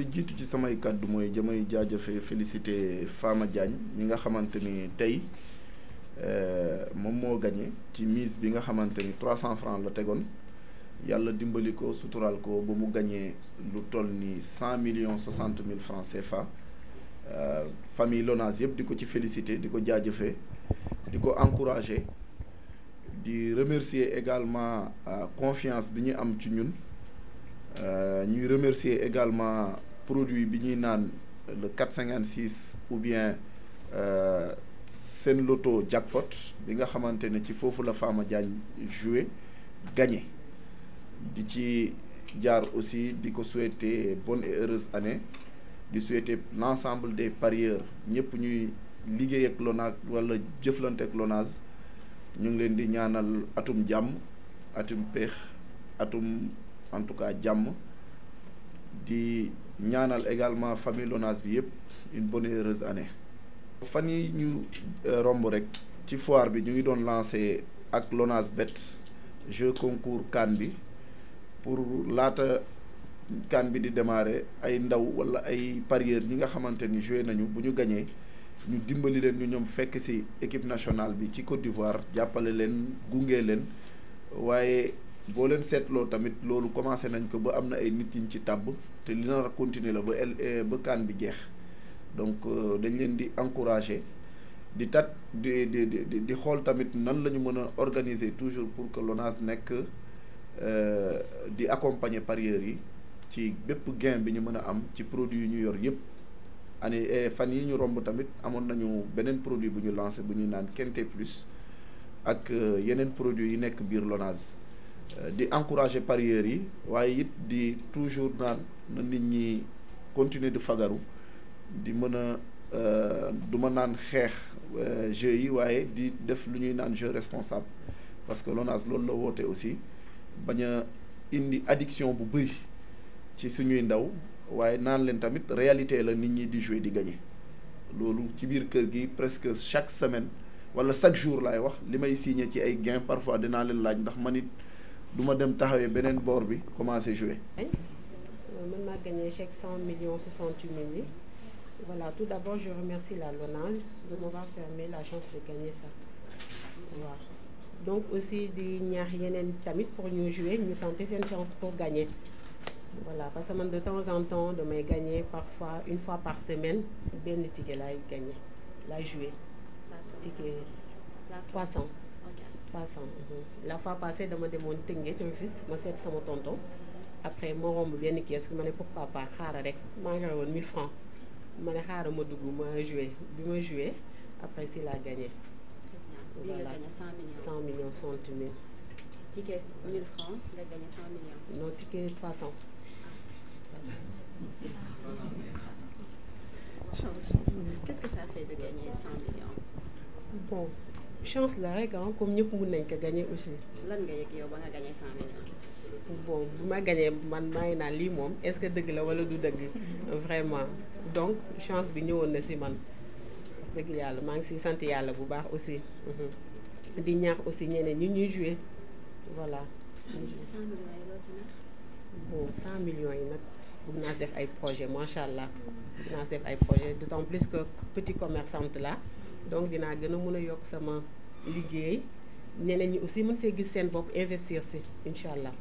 lu jiitu ci samay kàddu mooy jamay jaajëfe félicité Fama Diagne mi nga xamante ni tey euh, moom moo gagné ci mise bi nga xamante ni 300 francs la tegoon yàlla dimbali ko suturaal ko ba mu gagné lu toll ni cent millions 60 mille francs CFA euh, famille Lonase yëpp di ko ci félicité di ko jaajëfee di ko encouragé di remercier également euh, confiance bi ñu am ci ñun ñuy remercier également produit bi ñuy naan le quatre cinquante six ou bien euh, seen loto jackpot bi nga xamante ne ci foofu la Fama Diagne joué gagné di ci jaar aussi di ko souhaiter bonne et heureuse année di souhaiter l'ensemble des parieurs ñëpp ñuy liggéey ak wala jëflante ak ñu ngi leen di ñaanal atum jàmm atum péex atum en tout cas jàmm di ñaanal également famille Lonase bi yëpp une bonne et année. fan yi ñu euh, romb rek ci foir bi ñu ngi doon lancé ak Lonase Bet jeu concours CAN bi pour laata CAN bi di démarrer ay ndaw wala ay parieurs ñi nga xamante ni joué nañu bu ñu gañee ñu dimbali leen ñu ñoom fekk ci équipe nationale bi ci Côte d'Ivoire jàppale leen gunge leen waaye. boo leen seetloo tamit loolu commencé nañ ko ba am na ay nit yiñ ci tàbb te li na a continuer la ba el eh, ba kaan bi jeex donc euh, dañ leen di encourager di tat di di di xool tamit nan la ñu mën a organiser toujours pour que l'ONAS nekk euh, di accompagner parieurs yi ci bépp gain bi ñu mën a am ci produit yi ñu yor yëpp année eh, fan yi ñu romb tamit amoon nañu beneen produit bu ñu lancé bu ñuy naan Quinté Plus ak euh, yeneen produit yi nekk biir l'ONAS Euh, di encourager parieurs yi waaye it di toujours naan na nit ñi continuer di fagaru di mën a euh, du ma naan xeex euh, jeu yi waaye di def lu ñuy naan jeu responsable parce que LONASE loolu la woote aussi bañ a indi addiction bu bëri ci suñuy ndaw waaye naan leen tamit réalité la nit ñi di jouer di gagner loolu ci biir kër gi presque chaque semaine wala chaque jour laay wax li may signé ci ay gain parfois dinaa leen laaj ndax ma it du ma dem taxawee beneen boor bi commencé jouer. Eh? Euh, man maa gagné chèque 100 millions 68 mille yi voilà tout d'abord je remercie la LONASE de m'avoir permis la chance de gagner ça waaw donc aussi di ñaax yeneen tamit pour ñu jouer ñu tenter seen chance pour gagner voilà parce que man de temps en temps damay gagner parfois une fois par semaine benn ticket laay gagner laay jouer ticket 300. 300 la fois passée dama demoon Tëngéej Rufisque ma seet sama tonton après ma romb benn kiosque ma ne pourquoi pas xaaral rek maa ngi woon 1000 francs ma ne xaaral ma dugg ma joué bi ma joué après si la gagné. voilà 100 millions 100 millions. ticket 1000 francs chance la rek ah comme ñëpp mun nañ ko gagné aussi. lan nga yëg yow ba nga gagné bu ma gagné man maa naa lii moom est-ce que dëgg la wala du dëgg. vraiment donc chance bi ñëwoon na si man. dëgg yàlla maa ngi siy sant yàlla bu baax aussi. Mhm. di ñaax aussi ñeneen ñi ñuy joue voilà. 100 millions bon yi nag. bugg naa def ay projet macha allah. bëgg naa def ay projet d'autant plus que petit commerçante la donc dinaa gën a mën a yokk sama liggéey ñeneen ñi aussi mën see gis seen bopp investir si incha allah.